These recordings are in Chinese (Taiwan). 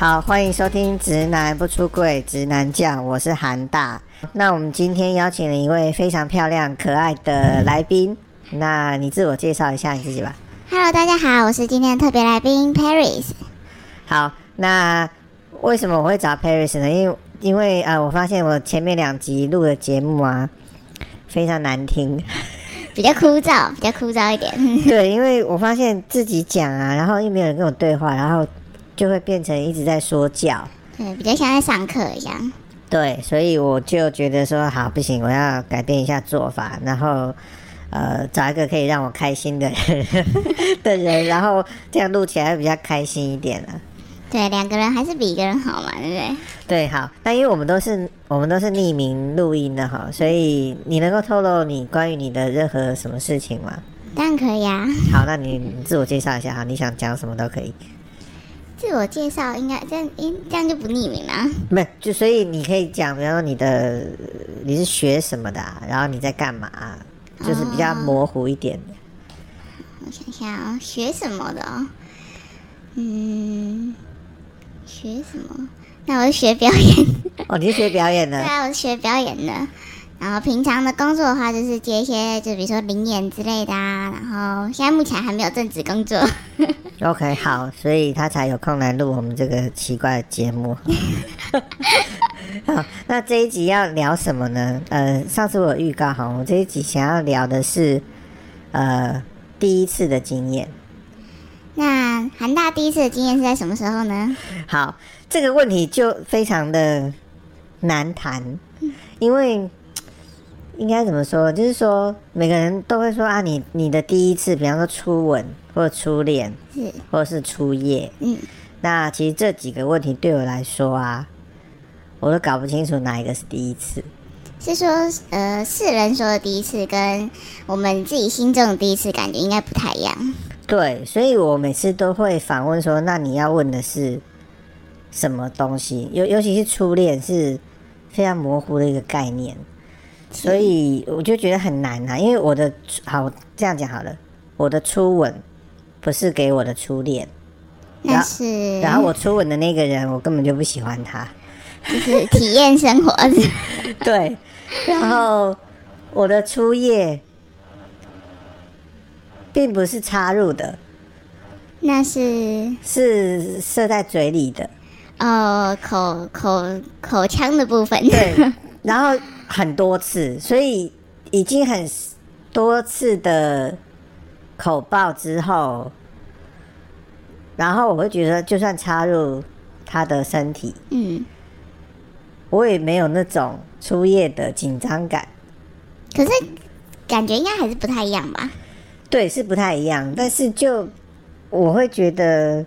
好，歡迎收聽《直男不出櫃》，直男教，我是韓大。那我們今天邀請了一位非常漂亮、可愛的來賓。那你自我介紹一下你自己吧。Hello，大家好，我是今天的特別來賓 Paris。好，那為什麼我會找 Paris 呢？因為，因為啊，呃，我發現我前面兩集錄的節目啊，非常難聽，比較枯燥，比較枯燥一點。 對，因為我發現自己講啊，然後又沒有人跟我對話，然後。就會變成一直在說教，對，比較像在上課一樣。對，所以我就覺得說好不行，我要改變一下做法，然後，呃，找一個可以讓我開心的人 的人，然後這樣錄起來會比較開心一點了。對，兩個人還是比一個人好嘛，對不對？對，好，那因為我們都是我們都是匿名錄音的哈，所以你能夠透露你關於你的任何什麼事情嗎？當然可以啊。好，那你自我介紹一下哈，你想講什麼都可以。自我介紹應該這樣，這樣就不匿名了。沒，就所以你可以講，比如說你的你是學什麼的啊，然後你在幹嘛，就是比較模糊一點的。哦，我想想，哦，學什麼的哦？嗯，學什麼？那我是學表演的。哦，你是學表演的？對啊，我是學表演的。然後平常的工作的話，就是接一些，就比如說臨演之類的啊。然後現在目前還沒有正職工作。 OK，好，所以他才有空來錄我們這個奇怪的節目。 好，那這一集要聊什麼呢？呃，上次我有預告哈，我這一集想要聊的是，呃，第一次的經驗。那韓大第一次的經驗是在什麼時候呢？好，這個問題就非常的難談，嗯，因為，應該怎麼說？就是說，每個人都會說啊，你你的第一次，比方說初吻，或初戀，或是初夜是，嗯。那其實這幾個問題對我來說啊，我都搞不清楚哪一個是第一次。是說，呃，世人說的第一次，跟我們自己心中的第一次感覺應該不太一樣。對，所以我每次都會反問說，那你要問的是什麼東西？尤尤其是初戀，是非常模糊的一個概念。所以我就覺得很難吶、啊，因為我的好這樣講好了，我的初吻不是給我的初戀，那是然後，然後我初吻的那個人，我根本就不喜歡他，就是體驗生活。 對，然後我的初夜並不是插入的，那是是射在嘴裡的，哦，口口口腔的部分。對，然後。很多次，所以已經很多次的口爆之後，然後我會覺得，就算插入他的身體，嗯，我也沒有那種初夜的緊張感。可是感覺應該還是不太一樣吧？對，是不太一樣。但是就我會覺得，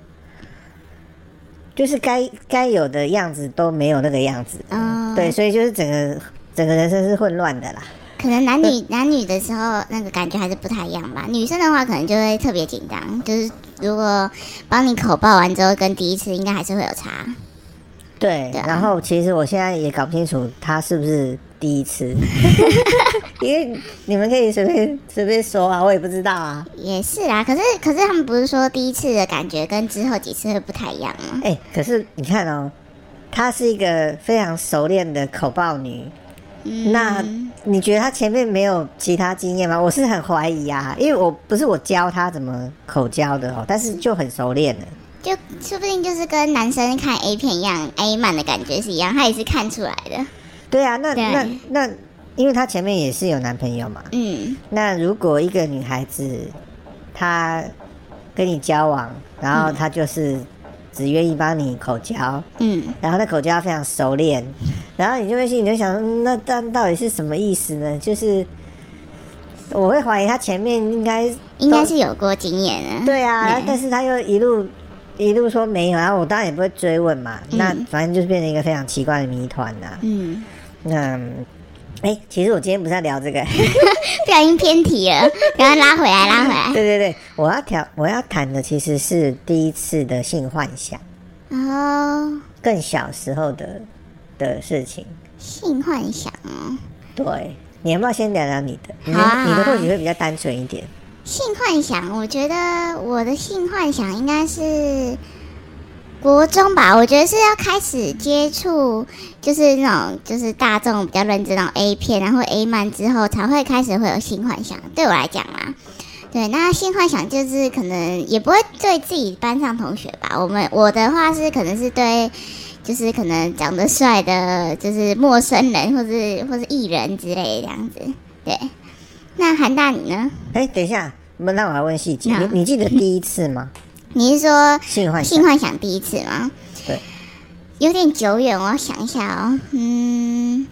就是該該有的樣子都沒有那個樣子。嗯，對，所以就是整個。整個人生是混亂的啦，可能男女男女的時候那個感覺還是不太一樣吧。女生的話可能就會特別緊張，就是如果幫你口爆完之後，跟第一次應該還是會有差。對，對啊，然後其實我現在也搞不清楚她是不是第一次 因為你們可以隨便隨便說啊，我也不知道啊。也是啊，可是可是他們不是說第一次的感覺跟之後幾次會不太一樣嗎？哎，可是你看哦，她是一個非常熟練的口爆女。那你覺得他前面沒有其他經驗嗎？我是很懷疑啊，因為我不是我教他怎麼口交的哦、喔，但是就很熟練了。就說不定就是跟男生看 A 片一樣，A 漫的感覺是一樣，他也是看出來的。對啊，那那那，因為他前面也是有男朋友嘛。嗯，那如果一個女孩子，她跟你交往，然後她就是。只願意幫你口交，嗯，然後那口交非常熟練，然後你就會心裡你就想、嗯、那但到底是什麼意思呢？就是我會懷疑他前面應該應該是有過經驗啊，對啊、嗯，但是他又一路一路說沒有，然後我當然也不會追問嘛，嗯、那反正就是變成一個非常奇怪的謎團啦、啊，嗯，那。哎、欸，其實我今天不是要聊這個、欸，不小心偏題了，然 後拉回來，拉回來。對對對，我要聊，我要談的其實是第一次的性幻想，哦、oh,，更小時候的的事情。性幻想？對，你要不要先聊聊你的，好啊好啊，你的或許會比較單純一點。性幻想，我覺得我的性幻想應該是。國中吧，我覺得是要開始接觸，就是那種就是大眾比較認知那種 A 片，然後 A 漫之後才會開始會有性幻想。對我來講啊，對，那性幻想就是可能也不會對自己班上同學吧。我們我的話是可能是對，就是可能長得帥的，就是陌生人或者或是藝人之類的這樣子。對，那韓大你呢？哎、欸，等一下，那我要問細節。你、哦、你記得第一次嗎？ 你是說性幻想，性幻想第一次嗎？對，有點久遠，我要想一下哦。嗯，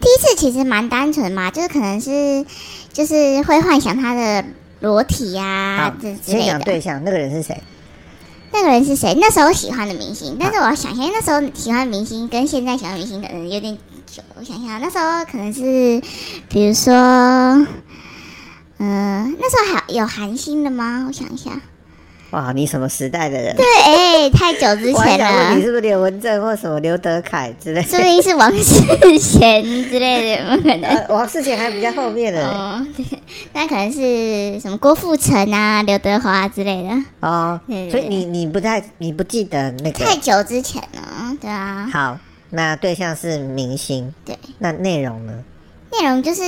第一次其實蠻單純嘛，就是可能是，就是會幻想他的裸體呀、啊、之類的。幻想對象那個人是誰？那個人是誰？那時候喜歡的明星，但是我要想一下、啊，那時候喜歡明星跟現在喜歡明星可能有點久。我想一下，那時候可能是，比如說，嗯、呃，那時候還有韓星的嗎？我想一下。哇，你什麼時代的人？對，哎、欸，太久之前了。你是不是劉文正或什麼劉德凱之類？說不定是王世賢之類的，可能、 啊。王世賢還比較後面的、欸哦對。那可能是什麼郭富城啊、劉德華之類的。哦，所以你你不太，你不記得，那個太久之前了，對啊。好，那對象是明星。對。那內容呢？內容就是。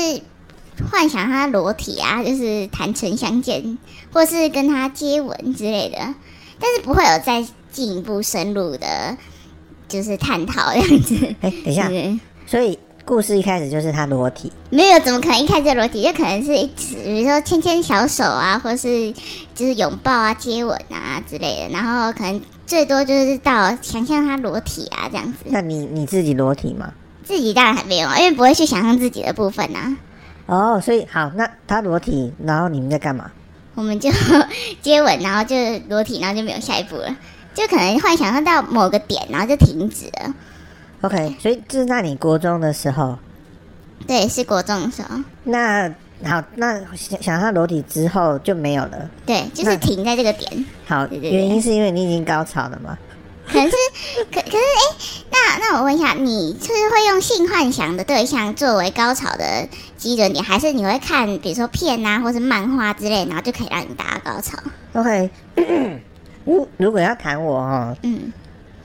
幻想他裸體啊，就是坦誠相見，或是跟他接吻之類的，但是不會有再進一步深入的，就是探討這樣子。哎，等一下、嗯，所以故事一開始就是他裸體？沒有，怎麼可能一開始裸體？就可能是比如說牽牽小手啊，或是就是擁抱啊、接吻啊之類的，然後可能最多就是到想象他裸體啊這樣子。那你你自己裸體嗎？自己當然還沒有，因為不會去想象自己的部分吶、啊。哦，所以好，那他裸體，然後你們在幹嘛？我們就接吻，然後就裸體，然後就沒有下一步了，就可能幻想到某個點，然後就停止了。OK，所以就是，那你國中的時候。對，是國中的時候。那好，那想想他裸體之後就沒有了。對，就是停在這個點。好對對對，原因是因為你已經高潮了嘛？ 可是可可是，哎、欸，那那我問一下，你是會用性幻想的對象作為高潮的基準點，還是你會看，比如說片啊，或是漫畫之類，然後就可以讓你達到高潮？我、okay. 會，如咳咳如果要談我齁，嗯，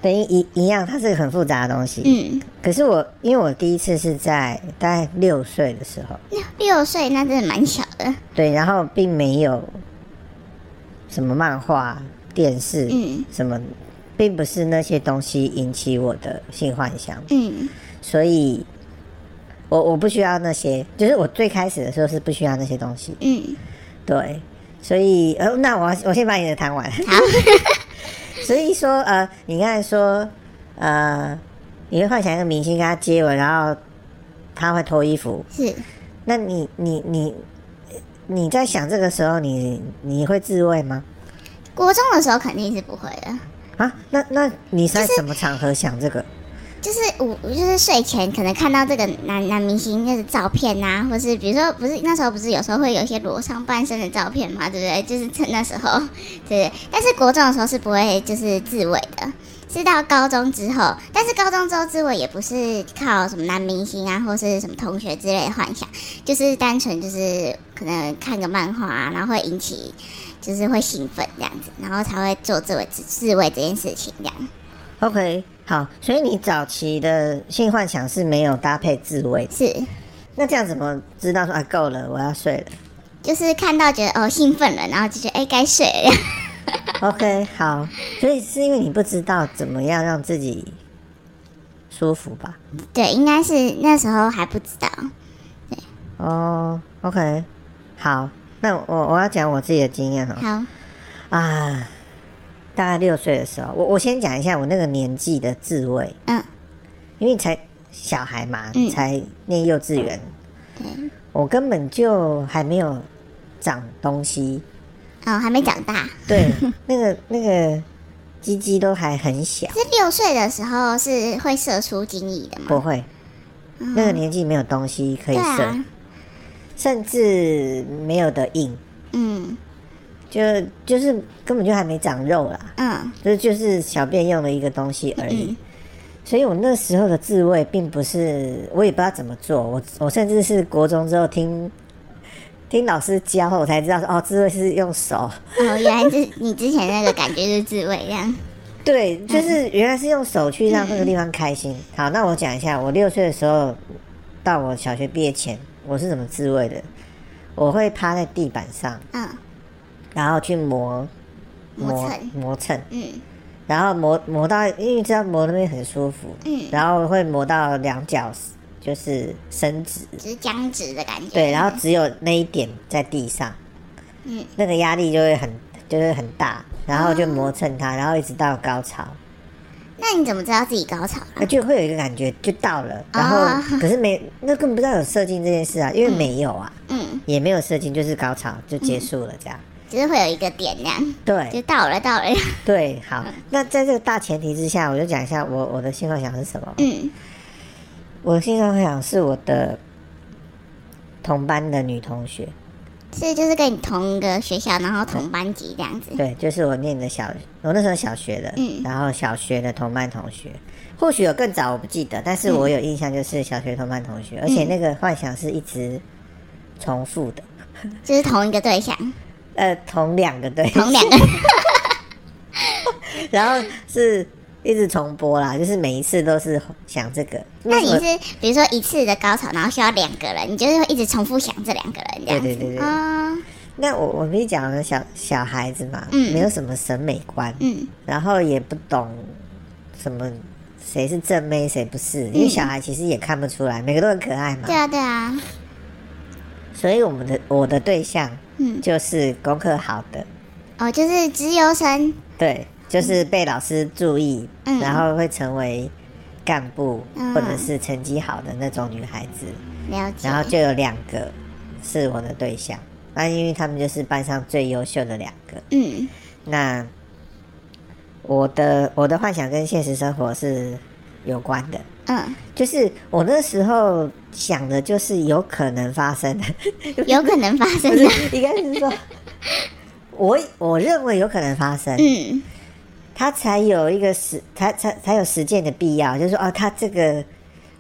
等於一一樣，它是個很複雜的東西，嗯。可是我因為我第一次是在大概六歲的時候，六六歲，那真的蠻小的，對。然後並沒有什麼漫畫、電視，嗯，什麼。並不是那些東西引起我的性幻想，嗯，所以我，我我不需要那些，就是我最開始的時候是不需要那些東西，嗯，對，所以呃、哦，那我我先把你的談完，好， 所以說呃，你剛才說呃，你會幻想一個明星跟他接吻，然後他會脫衣服，是，那你你你你在想這個時候你你會自慰嗎？國中的時候肯定是不會的。啊，那那你在什麼場合想這個，就是？就是我，就是睡前可能看到這個男男明星就是照片吶，啊，或是比如說，不是那時候不是有時候會有一些裸上半身的照片嘛，對不對？就是趁那時候，對不對？但是國中的時候是不會就是自慰的，是到高中之後。但是高中之後自慰也不是靠什麼男明星啊，或是什麼同學之類的幻想，就是單純就是可能看個漫畫，啊，然後會引起。就是會興奮這樣子，然後才會做自慰自慰這件事情這樣。OK，好，所以你早期的性幻想是沒有搭配自慰，是。那這樣怎麼知道說啊，夠了，我要睡了？就是看到覺得哦興奮了，然後就覺得哎該睡了。OK，好，所以是因為你不知道怎麼樣讓自己舒服吧？對，應該是那時候還不知道。對。哦，OK，好。那我我要講我自己的經驗、喔、好啊，大概六歲的時候，我我先講一下我那個年紀的自慰。嗯，因為才小孩嘛，嗯、才念幼稚園。對。我根本就還沒有長東西，嗯、哦，還沒長大。對，那個那個雞雞都還很小。是六歲的時候是會射出精液的嗎？不會，那個年紀沒有東西可以射。嗯甚至沒有的硬，嗯，就就是根本就還沒長肉啦，嗯、哦，就就是小便用的一個東西而已，嗯。所以我那時候的自慰，並不是我也不知道怎麼做，我我甚至是國中之後聽聽老師教後，我才知道說哦，自慰是用手。哦，原來是 你之前那個感覺就是自慰這樣。對，就是原來是用手去讓那個地方開心。嗯，好，那我講一下，我六歲的時候到我小學畢業前。我是什麼滋味的？我會趴在地板上，嗯，然後去磨磨磨蹭，嗯，然後磨磨到，因為這樣磨那邊很舒服，嗯，然後會磨到兩腳就是伸直，就是僵直的感覺，對，然後只有那一點在地上，嗯，那個壓力就會很就會很大，然後就磨蹭它，嗯，然後一直到高潮。那你怎麼知道自己高潮了？、啊啊？就會有一個感覺，就到了，然後、oh, 可是沒，那根本不知道有射精這件事啊、嗯，因為沒有啊，嗯，也沒有射精，就是高潮就結束了這樣。其、嗯、實、就是、會有一個點亮，對，就到了到了。對，好。 那在這個大前提之下，我就講一下我我的性幻想是什麼。嗯，我的性幻想是我的同班的女同學。是，就是跟你同一個學校，然後同班級這樣子。對，就是我念的小，我那時候小學的，嗯，然後小學的同班同學，或許有更早，我不記得，但是我有印象就是小學同班同學，嗯、而且那個幻想是一直重複的，嗯、就是同一個對象， 呃，同兩個對象，同兩個 然後是。一直重播啦，就是每一次都是想這個。那你是比如說一次的高潮，然後需要兩個人，你就是會一直重複想這兩個人，這樣子對，對，對對？哦、那我我跟你講小小孩子嘛，嗯，沒有什麼審美觀，嗯，然後也不懂什麼誰是正妹誰不是、嗯，因為小孩其實也看不出來，每個都很可愛嘛。對啊，對啊。所以我們的我的對象，嗯，就是功課好的、嗯。哦，就是資優生。對。就是被老師注意，嗯、然後會成為幹部、嗯、或者是成績好的那種女孩子。嗯、了解。然後就有兩個是我的對象，那因為他們就是班上最優秀的兩個。嗯。那我的我的幻想跟現實生活是有關的。嗯。就是我那時候想的，就是有可能發生的，有可能發生的。應該是說， 我我認為有可能發生。嗯。他才有一個實，才才才有實踐的必要，就是說啊，他這個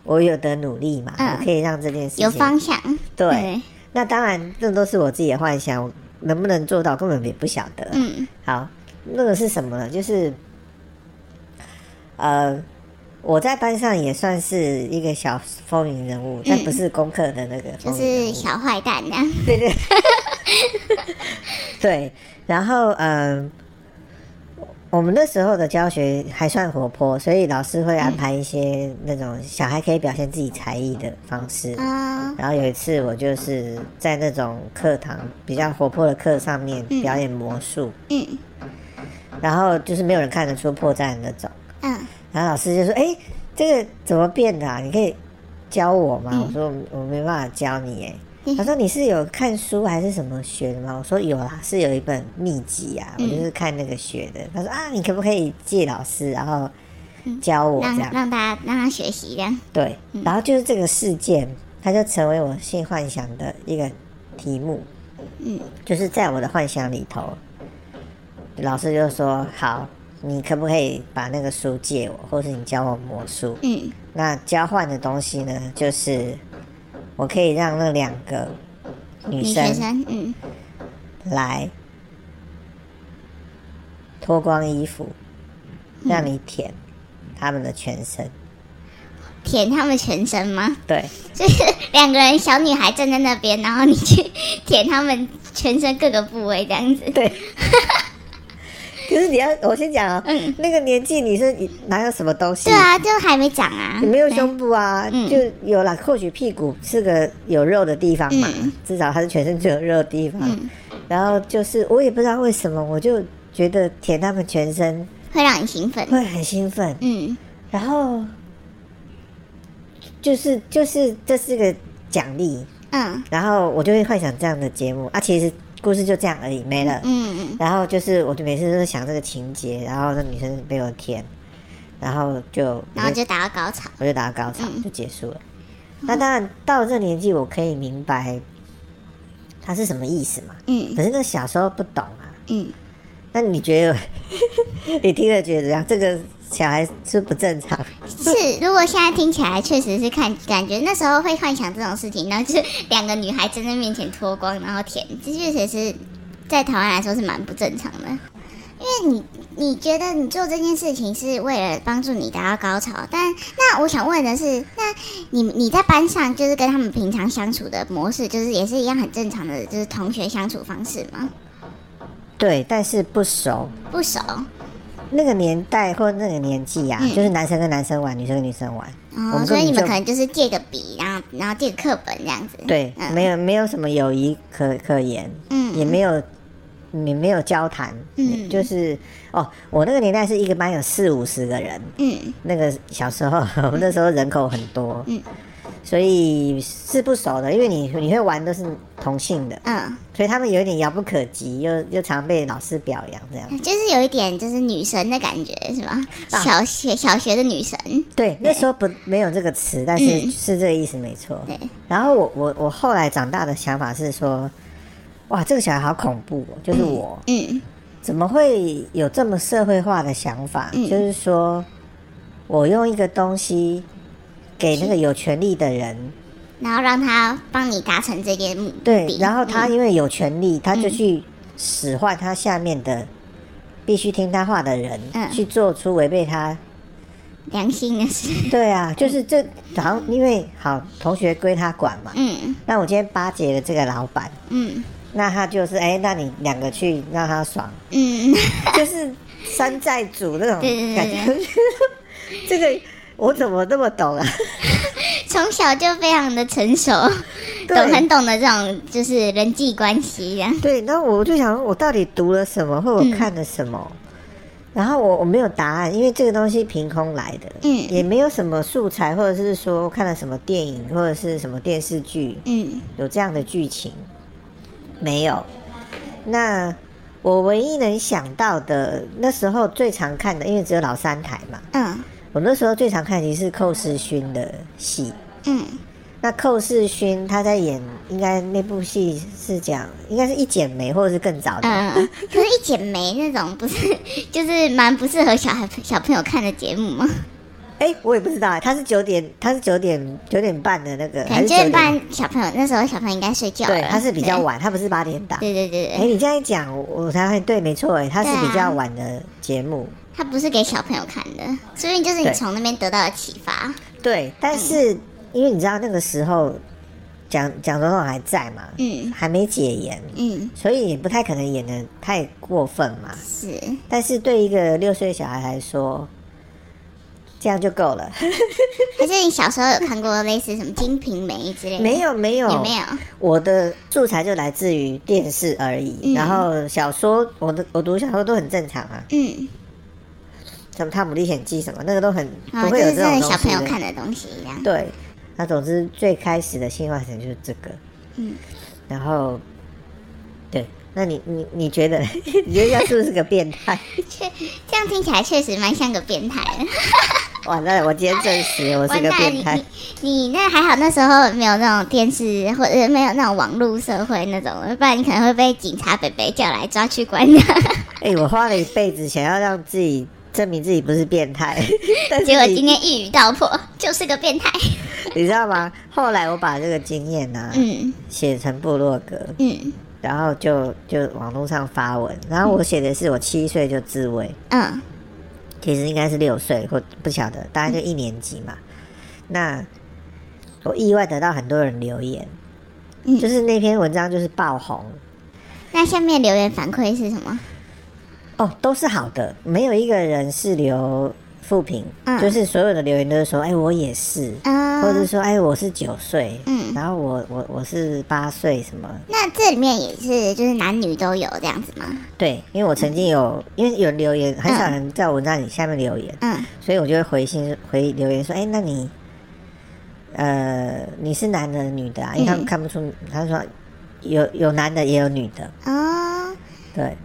我有得努力嘛、嗯，我可以讓這件事情有方向。對，嗯、那當然，這都是我自己的幻想，我能不能做到根本也不曉得。嗯，好，那個是什麼呢？就是呃，我在班上也算是一個小風雲人物、嗯，但不是功課的那個，就是小壞蛋那、啊、樣。對對，對， 對，然後嗯。呃我們那時候的教學還算活潑，所以老師會安排一些那種小孩可以表現自己才藝的方式。然後有一次我就是在那種課堂比較活潑的課上面表演魔術。嗯，然後就是沒有人看得出破綻的那種。嗯，然後老師就說：“哎，這個怎麼變的啊？你可以教我嗎？”我說：“我我沒辦法教你。”哎。他說：“你是有看書還是什麼學的嗎？”我說：“有啦，是有一本秘籍啊，嗯、我就是看那個學的。”他說：“啊，你可不可以借老師，然後教我這樣，嗯、讓，讓大家讓他學習這樣。”對，然後就是這個事件，它就成為我性幻想的一個題目。嗯，就是在我的幻想裡頭，老師就說：“好，你可不可以把那個書借我，或是你教我魔術？”嗯，那交換的東西呢，就是。我可以讓那兩個女生，嗯，來脫光衣服，嗯，讓你舔他們的全身，舔他們全身嗎？對，就是兩個人小女孩站在那邊，然後你去舔他們全身各個部位這樣子。對。 就是你要，我先講啊、喔嗯。那個年紀女生你哪有什麼東西？對啊，就還沒長啊。你沒有胸部啊，就有啦。或許屁股是個有肉的地方嘛，嗯、至少它是全身最有肉的地方、嗯。然後就是我也不知道為什麼，我就覺得舔他們全身會讓你興奮，會很興奮。嗯。然後就是就是這是個獎勵。嗯。然後我就會幻想這樣的節目啊，其實。故事就這樣而已，沒了。嗯嗯，然後就是，我就每次都是想這個情節，然後那女生被我舔，然後就，然後就達到高潮，我就達到高潮，嗯、就結束了。那，嗯、當然到了這個年紀，我可以明白，他是什麼意思嘛。嗯。可是那小時候不懂啊。嗯。那你覺得？ 你聽了覺得怎樣？這個？小孩是不正常。是，如果現在聽起來確實是，看感覺那時候會幻想這種事情，然後就是兩個女孩站在面前脫光然後舔，這確實是在台灣來說是蠻不正常的。因為你，你覺得你做這件事情是為了幫助你達到高潮，但那我想問的是，那你，你在班上就是跟他們平常相處的模式，就是也是一樣很正常的，就是同學相處方式嗎？對，但是不熟。不熟。那個年代或那個年紀呀、啊嗯,就是男生跟男生玩，嗯、女生跟女生玩。哦我們，所以你們可能就是借個筆，然後然後借個課本這樣子。對，嗯、沒有沒有什麼友誼可可言，嗯，也沒有，也沒有交談，嗯，就是哦，我那個年代是一個班有四五十個人，嗯，那個小時候，嗯、 我們那時候人口很多，嗯。嗯所以是不熟的，因為你你會玩都是同性的，嗯，所以他們有一點遙不可及，又又常被老師表揚，這樣就是有一點就是女神的感覺，是吧？吧小學小學的女神，對，對那時候不沒有這個詞，但是是這個意思沒錯。對、嗯，然後我我我後來長大的想法是說，哇，這個小孩好恐怖、喔，就是我嗯，嗯，怎麼會有這麼社會化的想法？嗯、就是說我用一個東西。給那個有權力的人，然後讓他幫你達成這件目的。對，然後他因為有權力，嗯、他就去使喚他下面的必須聽他話的人，嗯、去做出違背他良心的事。對啊，就是這，然後、嗯、因為好同學歸他管嘛。嗯，那我今天巴結了這個老闆。嗯，那他就是哎、欸，那你兩個去讓他爽。嗯，就是山寨主那種感覺，對對對對對，呵呵。這個。我怎麼那麼懂啊？從 小就非常的成熟，懂很懂的這種就是人際關係。呀。對，那我就想說，我到底讀了什麼，或者看了什麼？嗯，然後我我沒有答案，因為這個東西憑空來的，嗯，也沒有什麼素材，或者是說看了什麼電影或者是什麼電視劇，嗯，有這樣的劇情沒有？那我唯一能想到的那時候最常看的，因為只有老三台嘛，嗯。我那時候最常看其實是寇世勳的戲，嗯，那寇世勳他在演應該，應該那部戲是講，應該是一剪梅或者是更早的嗯，嗯 就是一剪梅那種，不是就是蠻不適合小孩小朋友看的節目嗎？哎、欸，我也不知道、欸，他是九點，他是九點九點半的那個，九點半小朋友那時候小朋友應該睡覺，對，他是比較晚，他不是八點檔，對對對對、欸，你這樣一講我才會，對，沒錯，哎，他是比較晚的節目。他不是給小朋友看的，所以就是你從那邊得到了啟發。對、嗯，但是因為你知道那個時候講，蔣蔣總統還在嘛，嗯，還沒解嚴，嗯，所以也不太可能演得太過分嘛。是，但是對一個六歲小孩來說，這樣就夠了。可 是你小時候有看過類似什麼《金瓶梅》之類的？沒有，沒有，有沒有。我的素材就來自於電視而已、嗯，然後小說，我的我讀小說都很正常啊，嗯。什麼《湯姆歷險記》什麼，那個都很、哦，不會有這種、就是、小朋友看的東西一樣。對，那總之最開始的性幻想就是這個，嗯，然後，對，那你你你覺得你覺得這是不是個變態？確， 這樣聽起來確實蠻像個變態。 哇，那我今天證實我是個變態。你那還好，那時候沒有那種電視或者沒有那種網絡社會那種，不然你可能會被警察伯伯叫來抓去關掉，哎、 欸，我花了一輩子想要讓自己。證明自己不是變態， 結果今天一語道破，就是個變態。 你知道嗎？後來我把這個經驗呢、啊，嗯，寫成部落格，嗯，然後就就網絡上發文，然後我寫的是我七歲就自慰，嗯，其實應該是六歲或不曉得，大概就一年級嘛、嗯。那我意外得到很多人留言、嗯，就是那篇文章就是爆紅。那下面留言反饋是什麼？哦，都是好的，沒有一個人是留負評、嗯，就是所有的留言都是說，哎，我也是，嗯，或者是說，哎，我是九歲，嗯，然後我我我是八歲，什麼？那這裡面也是就是男女都有這樣子嗎？對，因為我曾經有，嗯、因為有留言，很少人在我那裡下面留言，嗯，所以我就會回信回留言說，哎，那你，呃，你是男的女的啊？嗯，因為他們看不出，他說有有男的也有女的哦，嗯。對。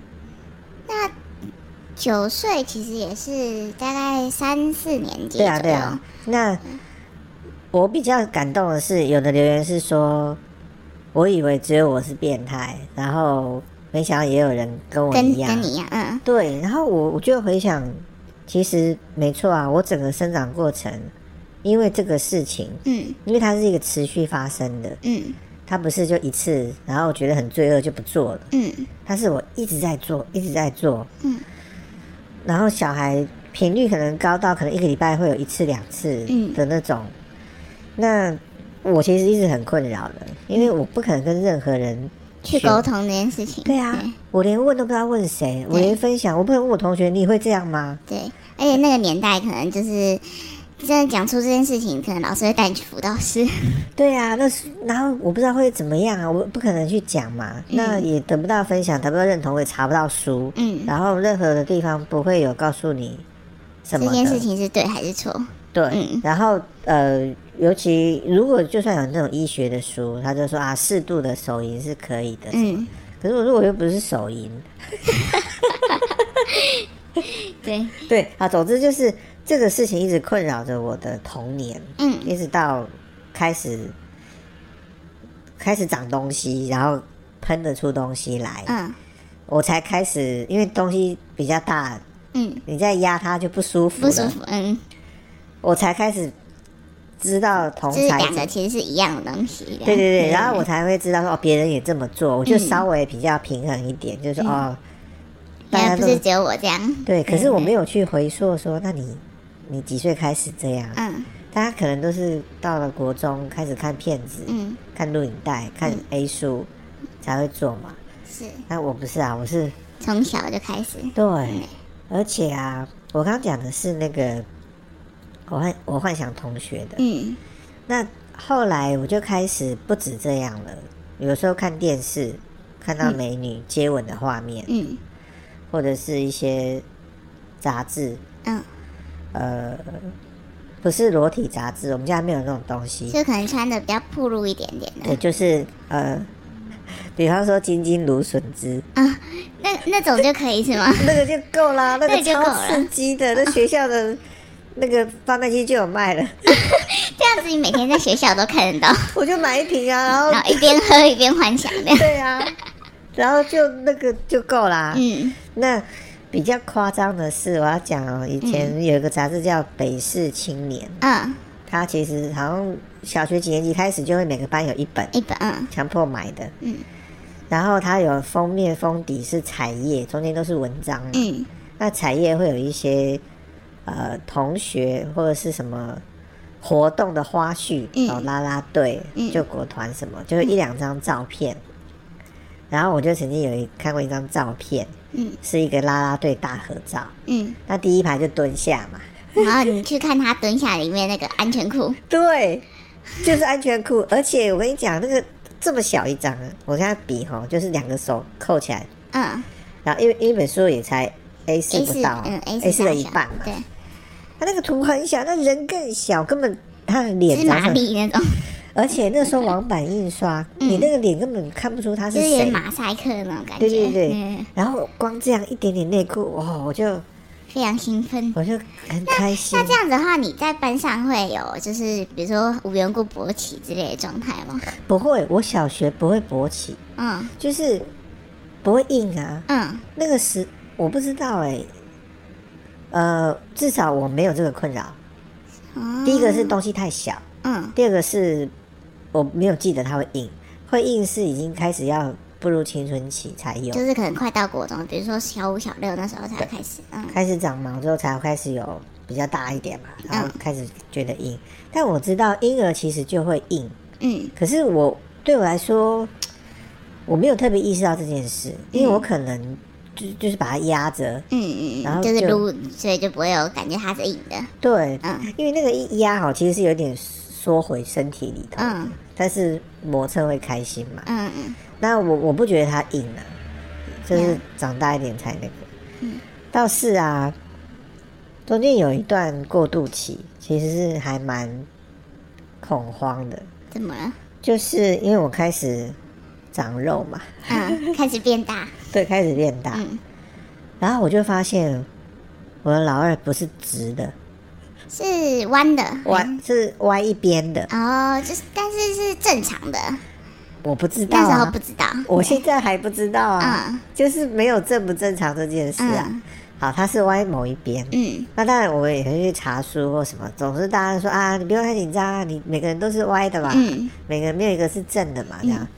九歲其實也是大概三四年級。對啊，對啊。啊、那我比較感動的是，有的留言是說：“我以為只有我是變態，然後沒想到也有人跟我一樣。”跟，跟你一樣，嗯。對，然後我我就回想，其實沒錯啊，我整個生長過程，因為這個事情，嗯，因為它是一個持續發生的，嗯，它不是就一次，然後覺得很罪惡就不做了，嗯，但是我一直在做，一直在做，嗯。然後小孩頻率可能高到可能一個禮拜會有一次兩次的那種，嗯，那我其實一直很困擾的，嗯，因為我不可能跟任何人去溝通這件事情。對啊，對，我連問都不知道問誰，我連分享，我不能問我同學，你會這樣嗎？對，而且那個年代可能就是。真的講出這件事情，可能老師會帶你去輔導室。對啊，那是然後我不知道會怎麼樣啊，我不可能去講嘛、嗯，那也得不到分享，得不到認同，我也查不到書，嗯，然後任何的地方不會有告訴你什麼。這件事情是對還是錯？對，嗯、然後呃，尤其如果就算有那種醫學的書，他就說啊，適度的手淫是可以的，嗯，可是我如果又不是手淫， 對對啊，總之就是。這個事情一直困擾着我的童年，嗯，一直到開始開始長東西，然後噴得出東西來，嗯，我才開始，因為東西比較大，嗯，你再壓它就不舒服了，不舒服，嗯，我才開始知道同，就是兩者其實是一樣的東西，對對對、嗯，然後我才會知道說哦，別人也這麼做，嗯，我就稍微比較平衡一點，就是說、嗯、哦，大家不是只有我這樣，對，嗯，可是我沒有去回溯說、嗯、那你。你幾歲開始這樣？嗯，大家可能都是到了國中開始看片子、嗯、看錄影帶、看 A 書、嗯、才會做嘛。是。那我不是啊，我是從小就開始。對。嗯、而且啊，我剛剛講的是那個我幻我幻想同學的。嗯。那後來我就開始不止這樣了，有時候看電視看到美女接吻的畫面，嗯，或者是一些雜誌，嗯。嗯呃，不是裸體雜誌，我們家還沒有那種東西。就可能穿的比較暴露一點點的，對，就是呃，比方說《金金蘆筍汁》啊，那那種就可以是嗎？ 那個就夠啦，那個超刺激的，這個，那學校的那個販賣機就有賣了。 這樣子你每天在學校都看得到， 我就買一瓶啊，然後，然後一邊喝一邊幻想， 對啊，然後就那個就夠啦。嗯，那。比較誇張的是，我要講哦，以前有一個雜誌叫《北市青年》，啊，它其實好像小學幾年級開始就會每個班有一本，一本，嗯，強迫買的，嗯，然後它有封面封底是彩頁，中間都是文章，嗯，那彩頁會有一些，呃，同學或者是什麼活動的花絮，哦，啦啦隊、救國團什麼，就是一兩張照片。然後我就曾經有一看過一張照片，嗯，是一個啦啦隊大合照，嗯，那第一排就蹲下嘛，然後你去看他蹲下裡面那個安全褲， 對，就是安全褲， 而且我跟你講那個這麼小一張，我跟他比吼就是兩個手扣起來，嗯，然後因為一本書也才 A 四不到，嗯，A 四的一半，對，他、啊、那個圖很小，那人更小，根本他臉在哪裡那種。 而且那時候網版印刷、 嗯，你那個臉根本看不出它是、就是、是馬賽克的那種感覺對對對。對對對。然後光這樣一點點內褲，哇、哦，我就非常興奮，我就很開心。那，那這樣子的話，你在班上會有就是比如說無緣故勃起之類的狀態嗎？不會，我小學不會勃起。嗯，就是不會硬啊。嗯，那個時我不知道哎、欸，呃，至少我沒有這個困擾。哦。第一個是東西太小，嗯。第二個是。我沒有記得它會硬，會硬是已經開始要步入青春期才有，就是可能快到國中，比如說小五、小六那時候才開始，嗯，開始長毛之後才開始有比較大一點嘛，然後開始覺得硬。嗯、但我知道嬰兒其實就會硬，嗯，可是我對我來說，我沒有特別意識到這件事，嗯，因為我可能就就是把它壓着，嗯嗯，然後就、就是擼，所以就不會有感覺它是硬的。對，嗯，因為那個一壓好，其實是有點。縮回身體裡頭，嗯，但是磨蹭會開心嘛，嗯嗯，那我我不覺得他硬了，啊嗯，就是長大一點才那個，嗯，倒是啊，中間有一段過渡期，其實是還蠻恐慌的。怎麼了？就是因為我開始長肉嘛，嗯， 開始變大，對，開始變大，嗯，然後我就發現我的老二不是直的。是彎的，彎是歪一邊的哦，就是但是是正常的，我不知道、啊、那時候不知道，我現在還不知道啊，嗯、就是沒有正不正常這件事啊。嗯、好，它是歪某一邊，嗯，那當然我也會去查書或什麼，總是大家說啊，你不要太緊張、啊，你每個人都是歪的嘛，嗯，每個人沒有一個是正的嘛，這樣。嗯、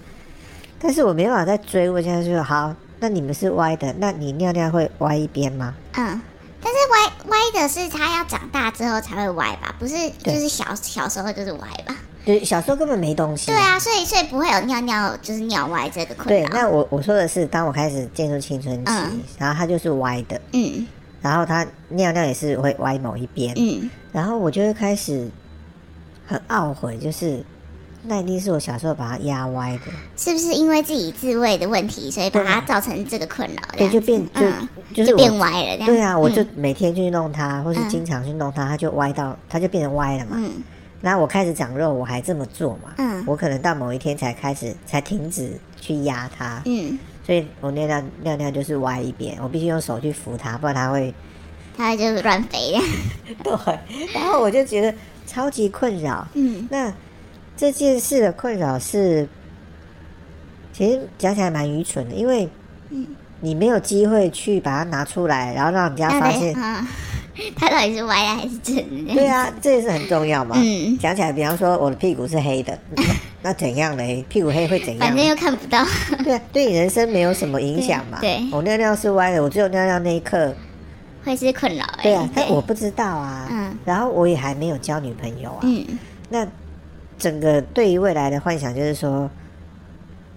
但是我沒辦法再追問下去，好，那你們是歪的，那你尿尿會歪一邊嗎？嗯。但是歪歪的是他要長大之後才會歪吧，不是就是小小時候就是歪吧？對，小時候根本沒東西啊。對啊，所以所以不會有尿尿就是尿歪這個困擾。對，那我我說的是，當我開始進入青春期，嗯，然後他就是歪的，嗯，然後他尿尿也是會歪某一邊，嗯，然後我就會開始很懊悔，就是。那一定是我小時候把它壓歪的，是不是因為自己自慰的問題，所以把它造成這個困擾？對、嗯嗯，就變，就是、就變歪了、嗯。對啊，我就每天去弄它，或是經常去弄它，它、嗯、就歪到，它就變成歪了嘛。嗯。那我開始長肉，我還這麼做嘛。嗯。我可能到某一天才開始，才停止去壓它。嗯。所以我尿尿尿尿就是歪一邊，我必須用手去扶它，不然它會，它會就是亂飛。 對。然後我就覺得超級困擾。嗯。那。這件事的困擾是，其實講起來蠻愚蠢的，因為你沒有機會去把它拿出來，然後讓人家發現，它、嗯、到底是歪的還是真的？對啊，這也是很重要嘛。嗯、講起來，比方說我的屁股是黑的，嗯、那怎樣嘞？屁股黑會怎樣？反正又看不到。對啊，對你人生沒有什麼影響嘛。對，我尿尿是歪的，我只有尿尿那一刻會是困擾、欸。對啊，但我不知道啊。嗯。然後我也還沒有交女朋友啊。嗯。那。整個對於未來的幻想就是說，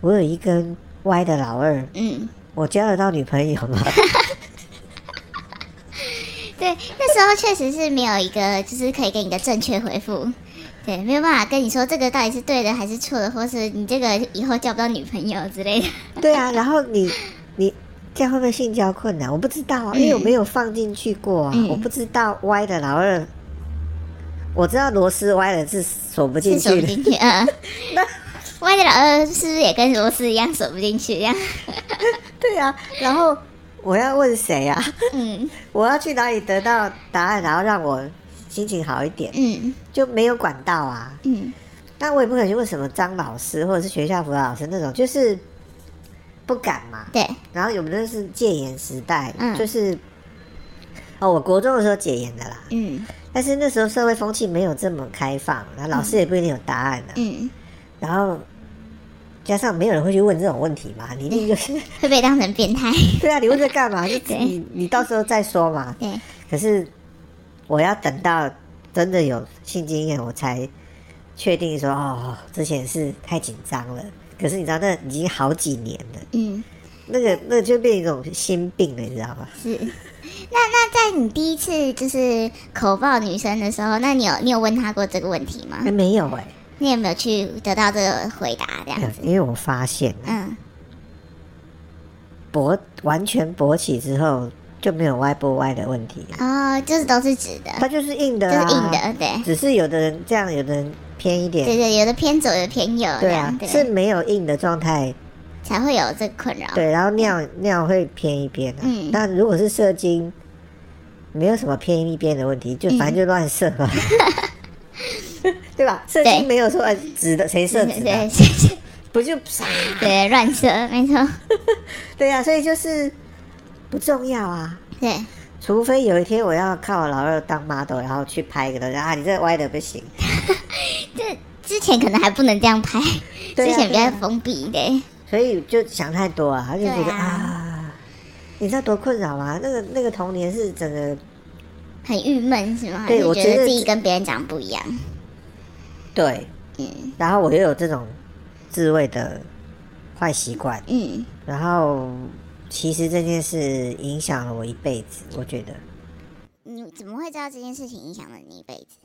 我有一根歪的老二，嗯，我交得到女朋友嗎？ 對，那時候確實是沒有一個，就是可以給你的正確回復，對，沒有辦法跟你說這個到底是對的還是錯的，或是你這個以後交不到女朋友之類的。對啊，然後你你這樣會不會性交困難，我不知道、啊嗯、因為我沒有放進去過、啊嗯，我不知道歪的老二。我知道螺絲歪了是鎖不進去，的、啊、 那歪的老二是不是也跟螺絲一樣鎖不進去呀？ 對啊，然後我要問誰啊？嗯，我要去哪裡得到答案，然後讓我心情好一點？嗯，就沒有管道啊。嗯，那我也不可能去問什麼張老師或者是學校輔導老師那種，就是不敢嘛。對。然後有的是戒嚴時代、嗯，就是哦，我國中的時候解嚴的啦。嗯。但是那時候社會風氣沒有這麼開放，那老師也不一定有答案的、啊嗯。嗯，然後加上沒有人會去問這種問題嘛，嗯、你一定你 會被當成變態。對啊，你問這幹嘛？你你到時候再說嘛。可是我要等到真的有性經驗，我才確定說哦，之前是太緊張了。可是你知道，那已經好幾年了。嗯，那個那就、個、變成一種心病了，你知道嗎？是。那那在你第一次就是口爆女生的時候，那你有你有問她過這個問題嗎？欸、沒有哎、欸，你有沒有去得到這個回答？這樣子，因為我發現，嗯，勃完全勃起之後就沒有歪不歪、歪的問題哦，就是都是直的，它就是硬的、啊，就是硬的，對。只是有的人這樣，有的人偏一點，對對、對，有的偏左，有的偏右，對、啊、這樣對。是沒有硬的狀態。才會有這困擾。對，然後尿、嗯、尿會偏一邊、啊、嗯。那如果是射精，沒有什麼偏一邊的問題，就反正就亂射嘛、嗯， 對吧？射精沒有說、呃、指的誰射的，對對對，不就、啊、對，亂射，沒錯。 對啊，所以就是不重要啊。對。除非有一天我要靠我老二當 model，然後去拍一個東西啊，你這歪的不行 。這之前可能還不能這樣拍，之前比較封閉一所以就想太多啊，他就覺得啊、啊，你知道多困擾嗎？那個那個童年是真的很鬱悶，是嗎？對，我覺得自己跟別人講不一樣。對，嗯。然後我又有這種自慰的壞習慣，嗯，嗯。然後其實這件事影響了我一輩子，我覺得。你怎麼會知道這件事情影響了你一輩子？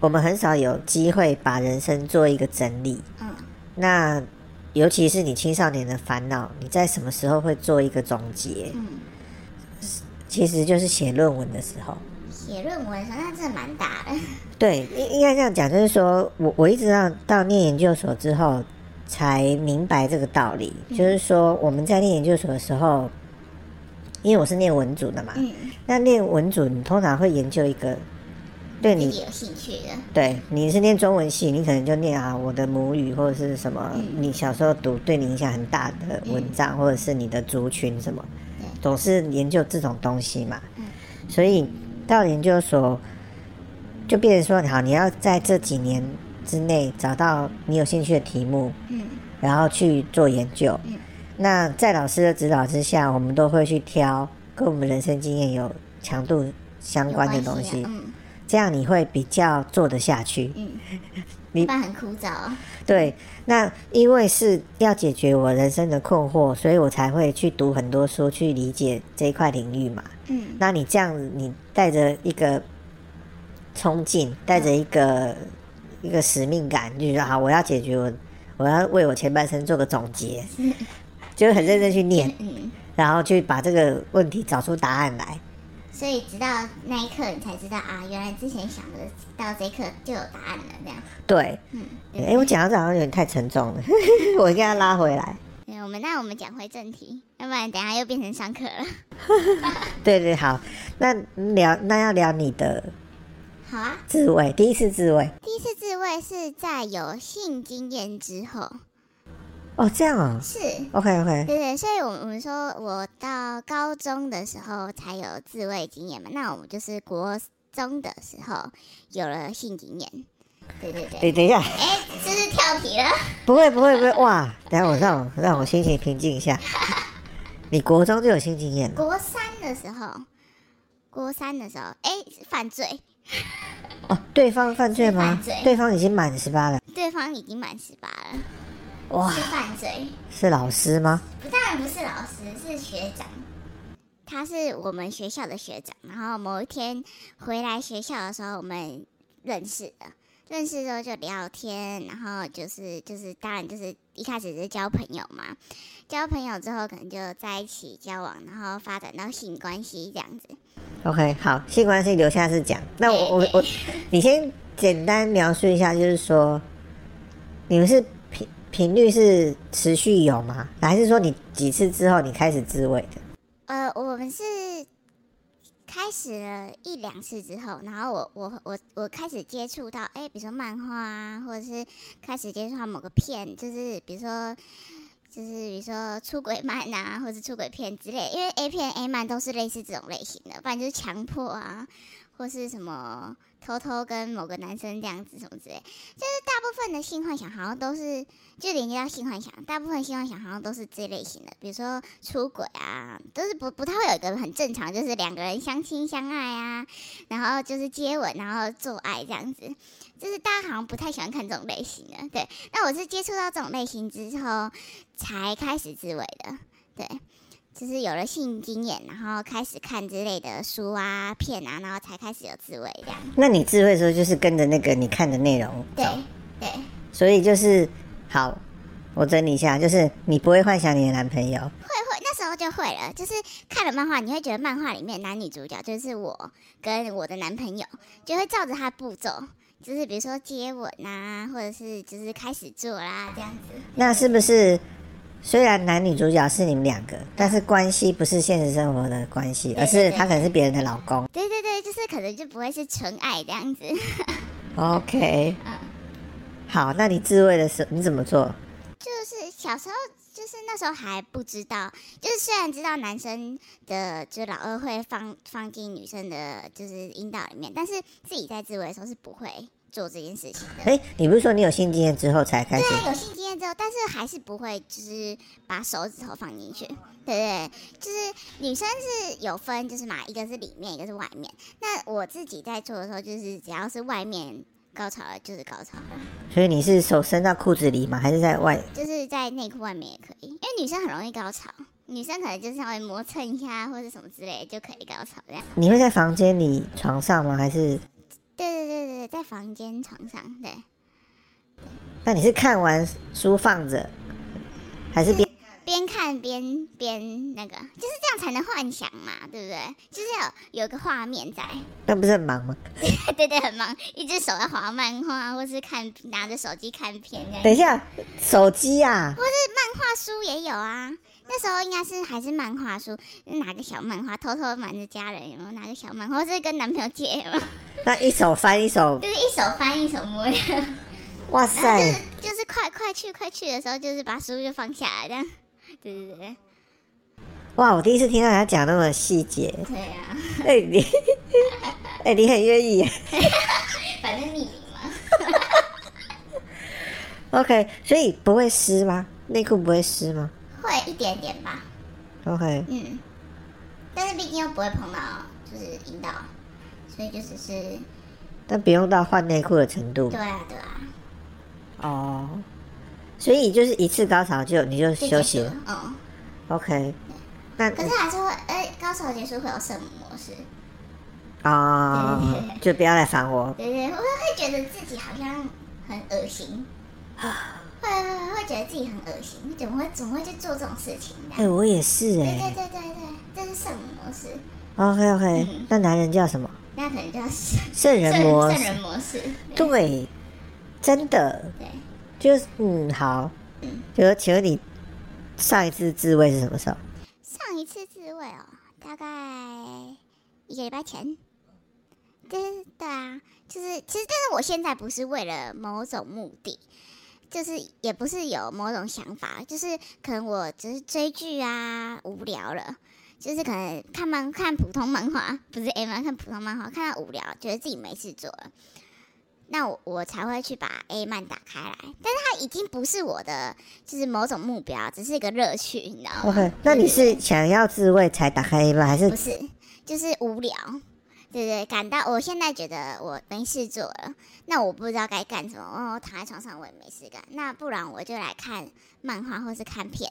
我們很少有機會把人生做一個整理，嗯。那。尤其是你青少年的煩惱，你在什麼時候會做一個總結？嗯，其實就是寫論文的時候。寫論文的時候，那真的蠻大的。對，應應該這樣講，就是說我我一直到到念研究所之後才明白這個道理，嗯，就是說我們在念研究所的時候，因為我是念文組的嘛，嗯，那念文組你通常會研究一個。對你有興趣的，對，你是念中文系，你可能就念啊，我的母語或者是什麼，嗯，你小時候讀對你影響很大的文章，嗯，或者是你的族群什麼，嗯、總是研究這種東西嘛。嗯、所以到研究所就變成說，好，你要在這幾年之內找到你有興趣的題目，嗯、然後去做研究，嗯。那在老師的指導之下，我們都會去挑跟我們人生經驗有強度相關的東西。嗯。這樣你會比較做得下去。嗯，你爸很枯燥。對，那因為是要解決我人生的困惑，所以我才會去讀很多書，去理解這一塊領域嘛。嗯，那你這樣，你帶着一個衝勁，帶着一個一個使命感，就說好，我要解決我，我要為我前半生做個總結，就是很認真去念，然後去把這個問題找出答案來。所以，直到那一刻，你才知道啊，原來之前想的，到這一刻就有答案了那樣。對，嗯，哎、欸，我講到這好像有點太沉重了， 我現在要拉回來。對，我們那我們講回正題，要不然等下又變成上課了。 對，對對，好，那聊那要聊你的，好啊，自慰，第一次自慰，第一次自慰是在有性經驗之後。哦、oh，這樣啊、喔，是，OK OK，對，對對，所以，我們說我到高中的時候才有自慰經驗嘛，那我們就是國中的時候有了性經驗，對對對，等、欸、等一下，哎、欸，這、就是調皮了，不會不會不會，哇，等一下我讓我讓我心情平靜一下， 你國中就有性經驗了，國三的時候，國三的時候，哎、欸，犯罪，哦、喔，對方犯罪嗎？罪對方已經滿十八了，對方已經滿十八了。哇是犯罪？是老師嗎？不，當然不是老師，是學長。他是我們學校的學長。然後某一天回來學校的時候，我們認識了。認識之後就聊天，然後就是就是當然就是一開始是交朋友嘛。交朋友之後可能就在一起交往，然後發展到性關係這樣子。OK，好，性關係留下是講。那我 我我，你先簡單描述一下，就是說你們是。頻率是持續有嗎？還是說你幾次之後你開始自慰的？呃，我們是開始了一兩次之後，然後我我我我開始接觸到，哎，比如說漫畫啊，或者是開始接觸到某個片，就是比如說就是比如說出軌漫啊，或者是出軌片之類，因為 A 片 A 漫都是類似這種類型的，反正就是強迫啊，或者是什麼。偷偷跟某個男生這樣子什麼之類，就是大部分的性幻想好像都是就連接到性幻想，大部分的性幻想好像都是這類型的，比如說出軌啊，都是不不太會有一個很正常，就是兩個人相親相愛啊，然後就是接吻，然後做愛這樣子，就是大家好像不太喜歡看這種類型的，對。那我是接觸到這種類型之後才開始自慰的，對。就是有了性經驗，然後開始看之類的書啊片啊，然後才開始有自慰這樣。那你自慰的時候就是跟着那個你看的內容。對對。所以就是，好，我整理一下，就是你不會幻想你的男朋友。會會，那時候就會了。就是看了漫畫，你會覺得漫畫裡面男女主角就是我跟我的男朋友，就會照着他步驟，就是比如說接吻啊，或者是就是開始做啦這樣子。那是不是？雖然男女主角是你們兩個，但是關係不是現實生活的關係，嗯，而是他可能是別人的老公對對對。對對對，就是可能就不會是純愛這樣子。OK，嗯，好，那你自慰的時候你怎麼做？就是小時候，就是那時候還不知道，就是雖然知道男生的就老二會放放進女生的就是陰道裡面，但是自己在自慰的時候是不會，做這件事情的，哎、欸，你不是說你有性經驗之後才開始？對啊，有性經驗之後，但是還是不會，就是把手指頭放進去，對不對，對？就是女生是有分，就是嘛，一個是裡面，一個是外面。那我自己在做的時候，就是只要是外面高潮了，就是高潮。所以你是手伸到褲子裡嗎？還是在外？就是在內褲外面也可以，因為女生很容易高潮，女生可能就是稍微磨蹭一下或者什麼之類的就可以高潮。這樣你會在房間裡床上嗎？還是？對對對對，在房間床上對。那你是看完書放着，還是邊邊看邊邊那個？就是這樣才能幻想嘛，對不對？就是要有，有一個畫面在。那不是很忙嗎？ 對，對對，很忙，一隻手要滑漫畫，或是看拿着手機看片。等一下，手機啊，或是漫畫書也有啊。那時候應該是還是漫畫書，拿個小漫畫偷偷瞞着家人，然後拿個小漫畫或者跟男朋友借嘛。那一手翻一手，就是一手翻一手摸呀。哇塞！就是，就是快快去快去的時候，就是把書就放下來，這樣。對對對。哇，我第一次聽到人家講那麼細節。對呀、啊。哎、欸，你哎、 欸，你很願意。 反正秘密嘛。 OK，所以不會濕嗎？內褲不會濕嗎？會一點點吧，OK，嗯，但是畢竟又不會碰到，就是陰道，所以就只是，但不用到換內褲的程度，對啊對啊，哦、oh,，所以就是一次高潮就你就休息了，嗯、就是哦、，OK，那可是還是會，哎、欸，高潮結束會有什麼模式？啊、oh,，就不要來煩我，對對，對，我我會覺得自己好像很噁心啊。會會,會覺得自己很噁心，你怎麼會怎麼會去做這種事情的？哎、欸，我也是哎、欸。對對對對對，這是聖母模式。OK OK，、嗯、那男人叫什麼？那可能叫聖聖人模聖人模式,聖人聖人聖人模式對。對，真的。對。就是嗯好。嗯。就說，請問你上一次自慰是什麼時候？上一次自慰哦，大概一個禮拜前。就是對啊，就是其實，但是我現在不是為了某種目的。就是也不是有某種想法，就是可能我只是追劇啊，無聊了，就是可能看漫看普通漫畫，不是 A 漫，看普通漫畫看，看到無聊，覺得自己沒事做了，那我我才會去把 A 漫打開來，但是它已經不是我的就是某種目標，只是一個樂趣，你知道嗎？那你是想要自慰才打開 A 漫還是 不是？就是無聊。對對，感到我現在覺得我沒事做了，那我不知道該幹什麼。哦，我躺在床上我也沒事幹，那不然我就來看漫畫或是看片，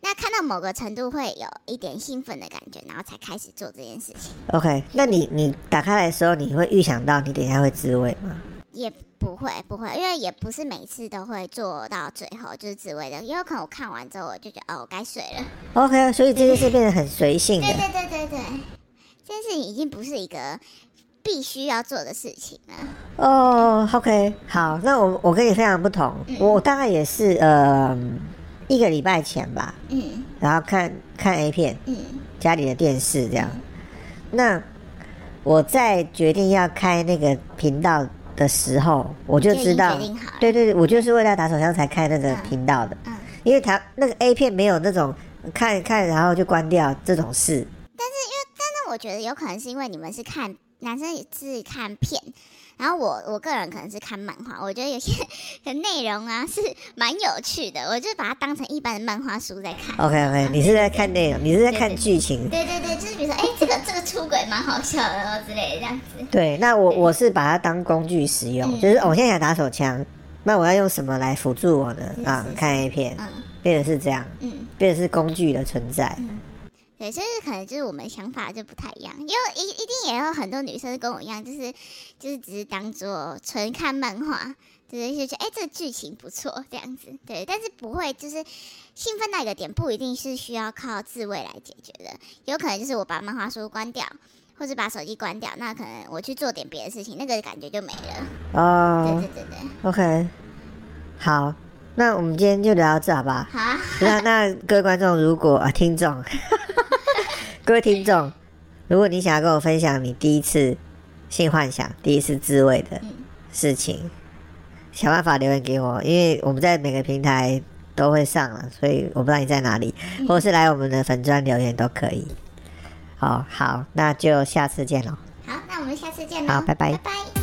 那看到某個程度會有一點興奮的感覺，然後才開始做這件事情。OK，那你你打開來的時候，你會預想到你等一下會自慰嗎？也不會，不會，因為也不是每次都會做到最後就是自慰的，因為有可能我看完之後我就覺得哦，我該睡了。OK，所以這件事變得很隨性。 對，對對對對對。但是已經不是一個必須要做的事情了。哦、oh,，OK，好，那我我跟你非常不同。嗯、我大概也是呃一個禮拜前吧，嗯，然後看看 A 片，嗯，家裡的電視這樣、嗯。那我在決定要開那個頻道的時候，我就知道，對對對，我就是為了打手槍才開那個頻道的，嗯，嗯因為它那個 A 片沒有那種看看然後就關掉這種事。我覺得有可能是因為你們是看男生也是看片，然後我我個人可能是看漫畫。我覺得有些的內容啊是蠻有趣的，我就把它當成一般的漫畫書在看。OK OK，你是在看內容，你是在看劇情？對對對，就是比如說，哎、欸，這個這個出軌蠻好笑的之類的這樣子。對，那我我是把它當工具使用，嗯、就是我現在想打手槍，那我要用什麼來輔助我呢？是是是啊，看 A 片，嗯，變成是這樣，嗯，變成是工具的存在。嗯對，就是可能就是我們想法就不太一樣，因為一一,一定也有很多女生跟我一樣，就是就是只是當做純看漫畫，就是就覺得哎、欸、這個劇情不錯這樣子，對，但是不會就是興奮到一個點，不一定是需要靠自慰來解決的，有可能就是我把漫畫書關掉，或者把手機關掉，那可能我去做點別的事情，那個感覺就沒了。哦、oh，對對對對，對，OK，好，那我們今天就聊到這吧，好不、啊、好？好、啊，那那各位觀眾如果、 啊、聽眾。 各位聽眾，如果你想要跟我分享你第一次性幻想，第一次自慰的事情，想辦法留言給我，因為我們在每個平台都會上了，所以我不知道你在哪裡，或者是來我們的粉專留言都可以。好，好，那就下次見嘍。好，那我們下次見嘍。好，拜拜。拜拜。